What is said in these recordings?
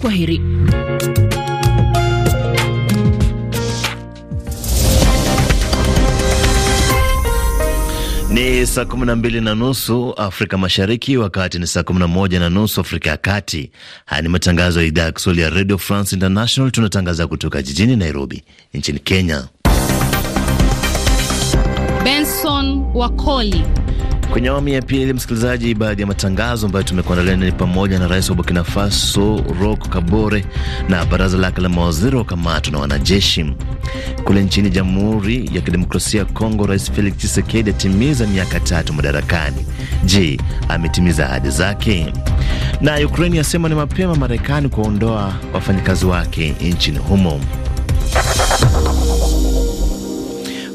Kwa heri. Ni saa kumi na mbili na nusu Afrika Mashariki, wakati ni saa kumi na moja na nusu Afrika ya Kati. Haya ni matangazo ya idhaa ya Kiswahili ya Radio France International. Tunatangaza kutoka jijini Nairobi nchini Kenya. Benson Wakoli Kwenye awamu ya pili, msikilizaji, baadhi ya matangazo ambayo tumekuandalia ni pamoja na rais wa Burkina Faso Roch Kabore na baraza lake la mawaziri wa kamatwa na wanajeshi. Kule nchini Jamhuri ya Kidemokrasia ya Kongo, Rais Felix Tshisekedi atimiza miaka tatu madarakani. Je, ametimiza ahadi zake? Na Ukraini yasema ni mapema Marekani kuwaondoa wafanyakazi wake nchini humo.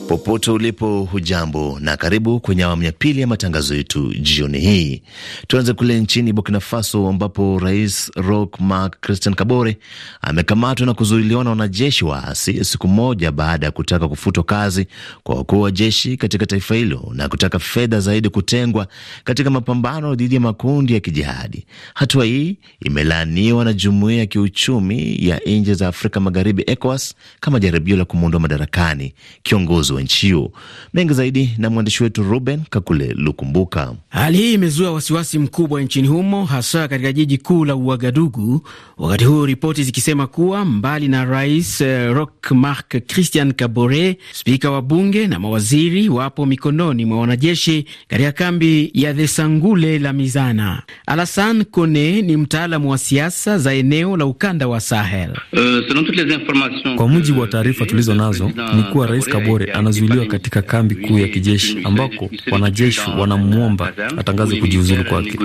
Popote ulipo, hujambo na karibu kwenye awamu ya pili ya matangazo yetu jioni hii. Tuanze kule nchini Burkina Faso, ambapo rais Roch Marc Christian Kabore amekamatwa na kuzuiliwa na wanajeshi waasi siku moja baada ya kutaka kufutwa kazi kwa wakuu wa jeshi katika taifa hilo na kutaka fedha zaidi kutengwa katika mapambano dhidi ya makundi ya kijihadi. Hatua hii imelaaniwa na Jumuiya ya Kiuchumi ya Nchi za Afrika Magharibi, ECOWAS, kama jaribio la kumwondoa madarakani kiongozi wa nchi hiyo. Mengi zaidi na mwandishi wetu Ruben Kakule Lukumbuka. Hali hii imezua wasiwasi mkubwa nchini humo, hasa katika jiji kuu la Uagadugu, wakati huu ripoti zikisema kuwa mbali na rais eh, Roch Marc Christian Kabore, spika wa bunge na mawaziri wapo mikononi mwa wanajeshi katika kambi ya Thesangule la Mizana. Alasan Kone ni mtaalamu wa siasa za eneo la ukanda wa Sahel. Euh, Kwa mujibu wa taarifa tulizo nazo ni kuwa rais Kabore anazuiliwa katika kambi kuu ya kijeshi ambako wanajeshi wanamwomba atangaze kujiuzulu kwake.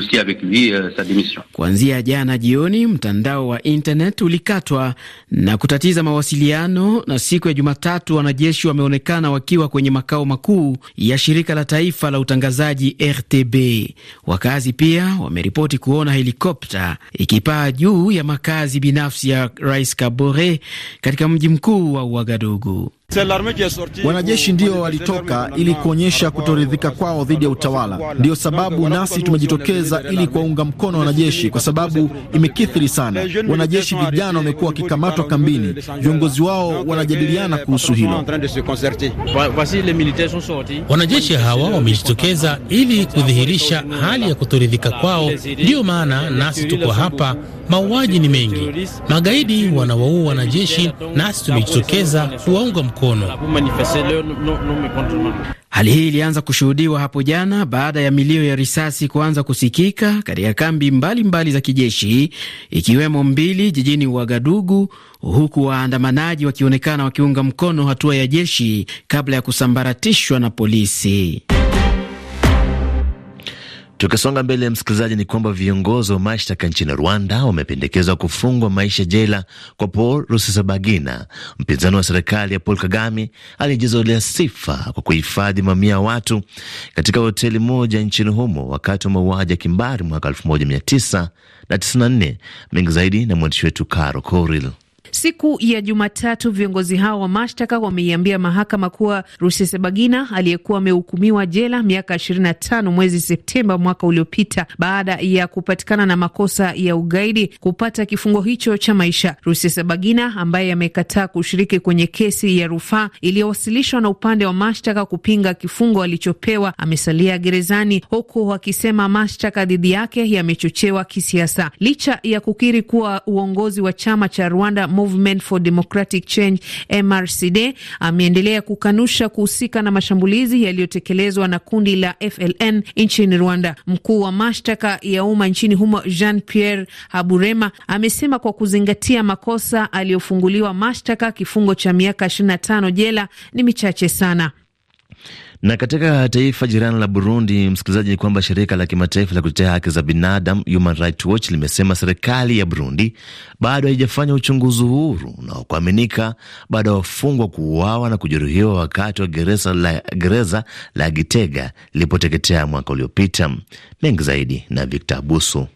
Kuanzia jana jioni, mtandao wa internet ulikatwa na kutatiza mawasiliano, na siku ya Jumatatu wanajeshi wameonekana wakiwa kwenye makao makuu ya shirika la taifa la utangazaji RTB. Wakazi pia wameripoti kuona helikopta ikipaa juu ya makazi binafsi ya Rais Kabore katika mji mkuu wa Uagadugu. Wanajeshi ndio walitoka ili kuonyesha kutoridhika kwao dhidi ya utawala. Ndiyo sababu nasi tumejitokeza ili kuwaunga mkono wanajeshi, kwa sababu imekithiri sana. Wanajeshi vijana wamekuwa wakikamatwa kambini, viongozi wao wanajadiliana kuhusu hilo. Wanajeshi hawa wamejitokeza ili kudhihirisha hali ya kutoridhika kwao, ndiyo maana nasi tuko hapa. Mauaji ni mengi, magaidi wanawaua wanajeshi, nasi tumejitokeza kuwaunga mkono mkono. Hali hii ilianza kushuhudiwa hapo jana baada ya milio ya risasi kuanza kusikika katika kambi mbalimbali mbali za kijeshi ikiwemo mbili jijini wagadugu huku waandamanaji wakionekana wakiunga mkono hatua ya jeshi kabla ya kusambaratishwa na polisi. Tukisonga mbele ya msikilizaji, ni kwamba viongozi wa mashtaka nchini Rwanda wamependekezwa kufungwa maisha jela kwa Paul Rusesabagina, mpinzani wa serikali ya Paul Kagame aliyejizolea sifa kwa kuhifadhi mamia ya watu katika hoteli moja nchini humo wakati wa mauaji ya kimbari mwaka 1994. Mengi zaidi na mwandishi wetu Caro Coril. Siku ya Jumatatu, viongozi hao wa mashtaka wameiambia mahakama kuwa Rusesabagina aliyekuwa amehukumiwa jela miaka 25 mwezi Septemba mwaka uliopita baada ya kupatikana na makosa ya ugaidi kupata kifungo hicho cha maisha. Rusesabagina ambaye amekataa kushiriki kwenye kesi ya rufaa iliyowasilishwa na upande wa mashtaka kupinga kifungo alichopewa amesalia gerezani, huku wakisema mashtaka dhidi yake yamechochewa kisiasa, licha ya kukiri kuwa uongozi wa chama cha Rwanda Movement for Democratic Change MRCD ameendelea kukanusha kuhusika na mashambulizi yaliyotekelezwa na kundi la FLN nchini Rwanda. Mkuu wa mashtaka ya umma nchini humo Jean Pierre Haburema amesema kwa kuzingatia makosa aliyofunguliwa mashtaka, kifungo cha miaka 25 jela ni michache sana. Na katika taifa jirani la Burundi, msikilizaji, ni kwamba shirika la kimataifa la kutetea haki za binadamu Human Rights Watch limesema serikali ya Burundi bado haijafanya uchunguzi huru na wa kuaminika baada ya wafungwa kuuawa na kujeruhiwa wakati wa gereza la, gereza la Gitega lilipoteketea mwaka uliopita. Mengi zaidi na Victor abusu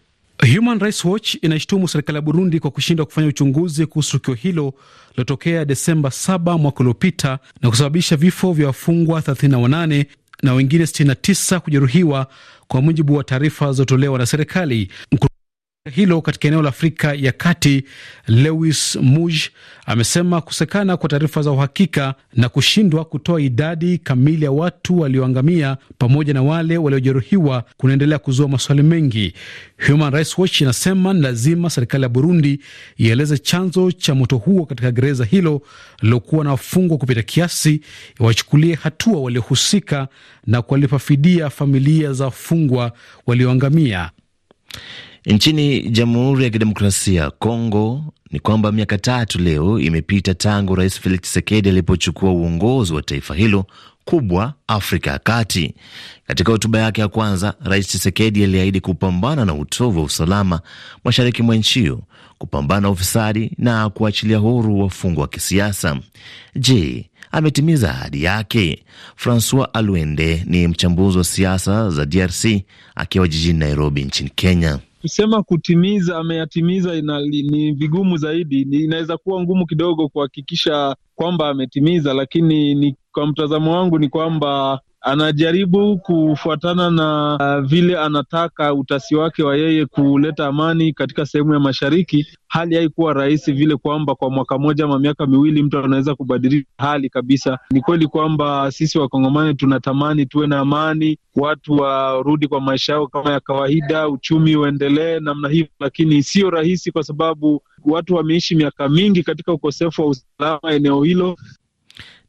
Human Rights Watch inaishtumu serikali ya Burundi kwa kushindwa kufanya uchunguzi kuhusu tukio hilo lilotokea Desemba 7 mwaka uliopita na kusababisha vifo vya wafungwa 38 na wengine 69 kujeruhiwa, kwa mujibu wa taarifa zilizotolewa na serikali hilo katika eneo la Afrika ya Kati, Lewis Muj amesema kusekana kwa taarifa za uhakika na kushindwa kutoa idadi kamili ya watu walioangamia pamoja na wale waliojeruhiwa kunaendelea kuzua maswali mengi. Human Rights Watch inasema ni lazima serikali ya Burundi ieleze chanzo cha moto huo katika gereza hilo lilokuwa na wafungwa kupita kiasi, iwachukulie hatua waliohusika na kuwalipa fidia familia za wafungwa walioangamia. Nchini Jamhuri ya Kidemokrasia ya Kongo ni kwamba miaka tatu leo imepita tangu Rais Felix Tshisekedi alipochukua uongozi wa taifa hilo kubwa Afrika ya Kati. Katika hotuba yake ya kwanza, Rais Tshisekedi aliahidi kupambana na utovu wa usalama mashariki mwa nchi hiyo, kupambana na ufisadi na kuachilia huru wafungwa wa kisiasa. Je, ametimiza ahadi yake? Francois Alwende ni mchambuzi wa siasa za DRC akiwa jijini Nairobi nchini Kenya kusema kutimiza ameyatimiza ina, ni vigumu zaidi, inaweza kuwa ngumu kidogo kuhakikisha kwamba ametimiza, lakini ni, kwa mtazamo wangu ni kwamba anajaribu kufuatana na uh, vile anataka utasi wake wa yeye kuleta amani katika sehemu ya mashariki. Hali haikuwa rahisi vile kwamba kwa mwaka mmoja ama miaka miwili mtu anaweza kubadilisha hali kabisa. Ni kweli kwamba sisi wakongomani tunatamani tuwe na amani, watu warudi kwa maisha yao kama ya kawaida, uchumi uendelee namna hivyo, lakini sio rahisi kwa sababu watu wameishi miaka mingi katika ukosefu wa usalama eneo hilo,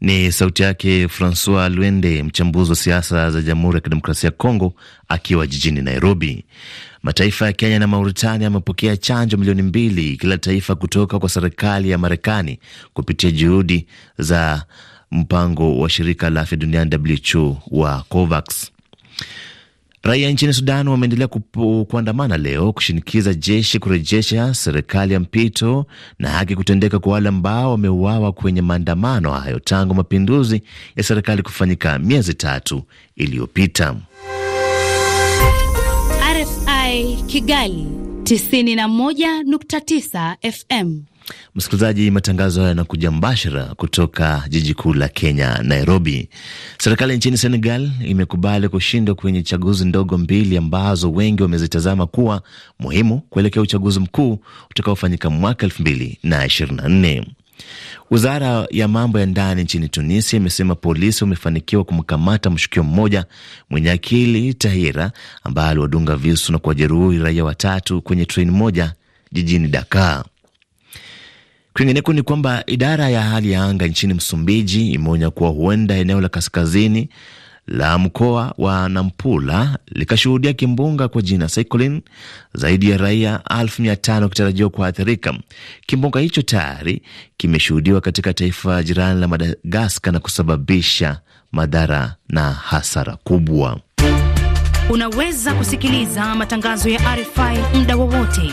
ni sauti yake Francois Luende, mchambuzi wa siasa za Jamhuri ya Kidemokrasia ya Kongo, akiwa jijini Nairobi. Mataifa ya Kenya na Mauritania yamepokea chanjo milioni mbili kila taifa kutoka kwa serikali ya Marekani kupitia juhudi za mpango wa shirika la afya duniani WHO wa COVAX. Raia nchini Sudan wameendelea kuandamana leo kushinikiza jeshi kurejesha serikali ya mpito na haki kutendeka kwa wale ambao wameuawa kwenye maandamano hayo tangu mapinduzi ya serikali kufanyika miezi tatu iliyopita. RFI Kigali 91.9 FM. Msikilizaji, matangazo haya yanakuja mbashara kutoka jiji kuu la Kenya, Nairobi. Serikali nchini Senegal imekubali kushindwa kwenye chaguzi ndogo mbili ambazo wengi wamezitazama kuwa muhimu kuelekea uchaguzi mkuu utakaofanyika mwaka elfu mbili na ishirini na nne. Wizara ya mambo ya ndani nchini Tunisia imesema polisi wamefanikiwa kumkamata mshukio mmoja mwenye akili tahira ambaye aliwadunga visu na kuwajeruhi raia watatu kwenye treni moja jijini Dakar. Kwingineko ni kwamba idara ya hali ya anga nchini Msumbiji imeonya kuwa huenda eneo la kaskazini la mkoa wa Nampula likashuhudia kimbunga kwa jina Cyclone, zaidi ya raia elfu mia tano kuathirika. Kimbunga hicho tayari kimeshuhudiwa katika taifa jirani la Madagaskar na kusababisha madhara na hasara kubwa. Unaweza kusikiliza matangazo ya RFI muda wowote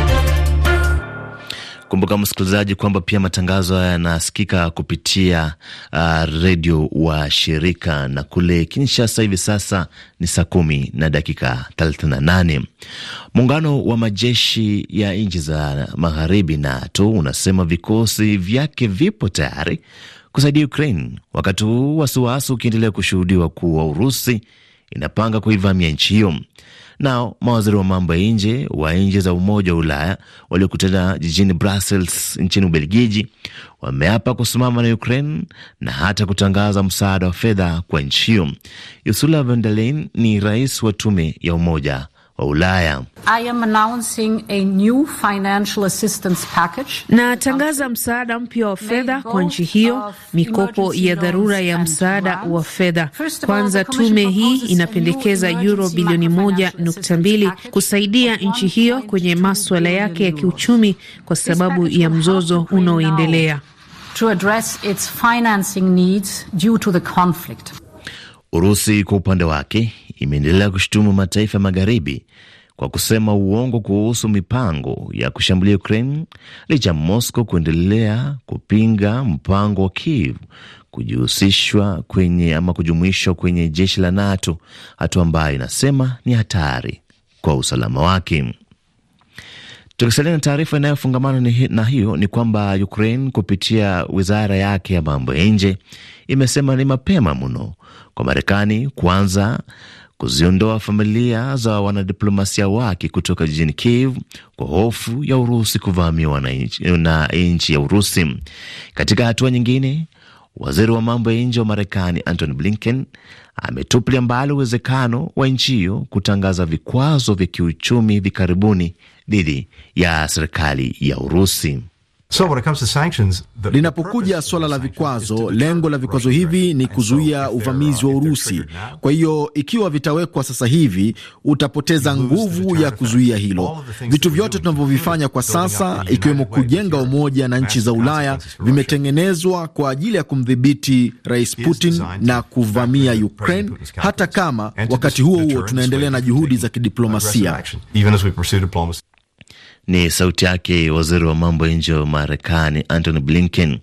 Kumbuka msikilizaji kwamba pia matangazo haya yanasikika kupitia uh, redio wa shirika na kule Kinshasa hivi sasa ni saa kumi na dakika 38. Muungano wa majeshi ya nchi za magharibi NATO unasema vikosi vyake vipo tayari kusaidia Ukraine, wakati huu wasiwasi ukiendelea kushuhudiwa kuwa Urusi inapanga kuivamia nchi hiyo. Nao mawaziri wa mambo ya nje wa nchi za Umoja wa Ulaya waliokutana jijini Brussels nchini Ubelgiji wameapa kusimama na Ukraine na hata kutangaza msaada wa fedha kwa nchi hiyo. Ursula von der Leyen ni rais wa tume ya Umoja wa Ulaya. Natangaza msaada mpya wa fedha kwa nchi hiyo, mikopo ya dharura ya msaada wa fedha. Kwanza, tume hii inapendekeza euro bilioni moja nukta mbili kusaidia nchi hiyo kwenye maswala yake ya kiuchumi kwa sababu ya mzozo unaoendelea. Urusi kwa upande wake imeendelea kushutumu mataifa ya magharibi kwa kusema uongo kuhusu mipango ya kushambulia Ukraine licha ya Moscow kuendelea kupinga mpango wa Kiev kujihusishwa kwenye ama kujumuishwa kwenye jeshi la NATO, hatua ambayo inasema ni hatari kwa usalama wake. Tukisalia na taarifa inayofungamana na hiyo ni kwamba Ukraine kupitia wizara yake ya mambo ya nje imesema ni mapema mno kwa Marekani kuanza kuziondoa familia za wanadiplomasia wake kutoka jijini Kiev kwa hofu ya Urusi kuvamiwa na nchi ya Urusi. Katika hatua nyingine, waziri wa mambo ya nje wa Marekani Antony Blinken ametupilia mbali uwezekano wa nchi hiyo kutangaza vikwazo vya kiuchumi hivi karibuni dhidi ya serikali ya Urusi. So when it comes to sanctions, the... linapokuja swala la vikwazo, lengo la vikwazo hivi ni kuzuia uvamizi wa Urusi. Kwa hiyo ikiwa vitawekwa sasa hivi, utapoteza nguvu ya kuzuia hilo. Vitu vyote tunavyovifanya kwa sasa, ikiwemo kujenga umoja na nchi za Ulaya, vimetengenezwa kwa ajili ya kumdhibiti Rais Putin na kuvamia Ukraine, hata kama wakati huo huo tunaendelea na juhudi za kidiplomasia. Ni sauti yake waziri wa mambo ya nje wa Marekani, Antony Blinken.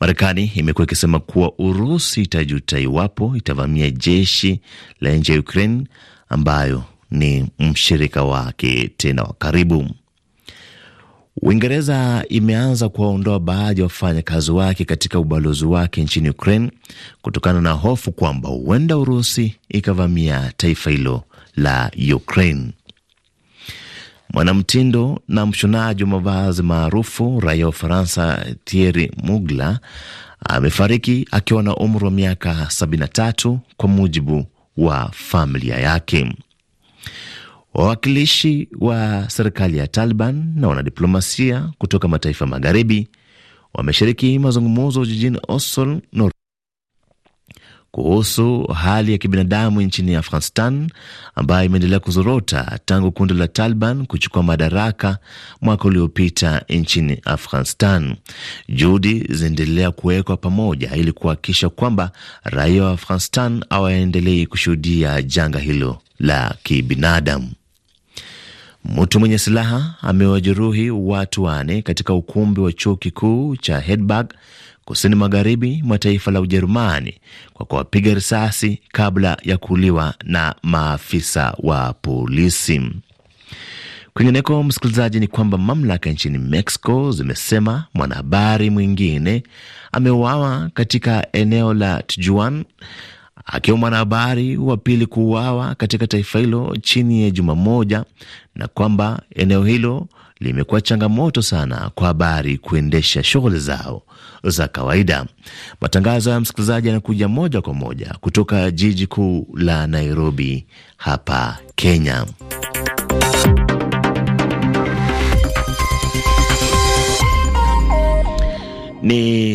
Marekani imekuwa ikisema kuwa Urusi itajuta iwapo itavamia jeshi la nje ya Ukraine ambayo ni mshirika wake tena wa karibu. Uingereza imeanza kuwaondoa baadhi ya wafanyakazi wake katika ubalozi wake nchini Ukraine kutokana na hofu kwamba huenda Urusi ikavamia taifa hilo la Ukraine. Mwanamtindo na mshonaji wa mavazi maarufu raia wa Ufaransa Thierry Mugler amefariki akiwa na umri wa miaka 73 kwa mujibu wa familia yake. Wawakilishi wa serikali ya Taliban na wanadiplomasia kutoka mataifa magharibi wameshiriki mazungumzo jijini Oslo, kuhusu hali ya kibinadamu nchini Afghanistan ambayo imeendelea kuzorota tangu kundi la Taliban kuchukua madaraka mwaka uliopita nchini Afghanistan. Juhudi zinaendelea kuwekwa pamoja ili kuhakikisha kwamba raia wa Afghanistan hawaendelei kushuhudia janga hilo la kibinadamu. Mtu mwenye silaha amewajeruhi watu wane katika ukumbi wa chuo kikuu cha Heidelberg kusini magharibi mwa taifa la Ujerumani kwa kuwapiga risasi kabla ya kuuliwa na maafisa wa polisi. Kwingineko, msikilizaji, ni kwamba mamlaka nchini Mexico zimesema mwanahabari mwingine ameuawa katika eneo la Tijuana akiwa mwanahabari wa pili kuuawa katika taifa hilo chini ya juma moja, na kwamba eneo hilo limekuwa changamoto sana kwa habari kuendesha shughuli zao za kawaida. Matangazo ya msikilizaji yanakuja moja kwa moja kutoka jiji kuu la Nairobi hapa Kenya. Ni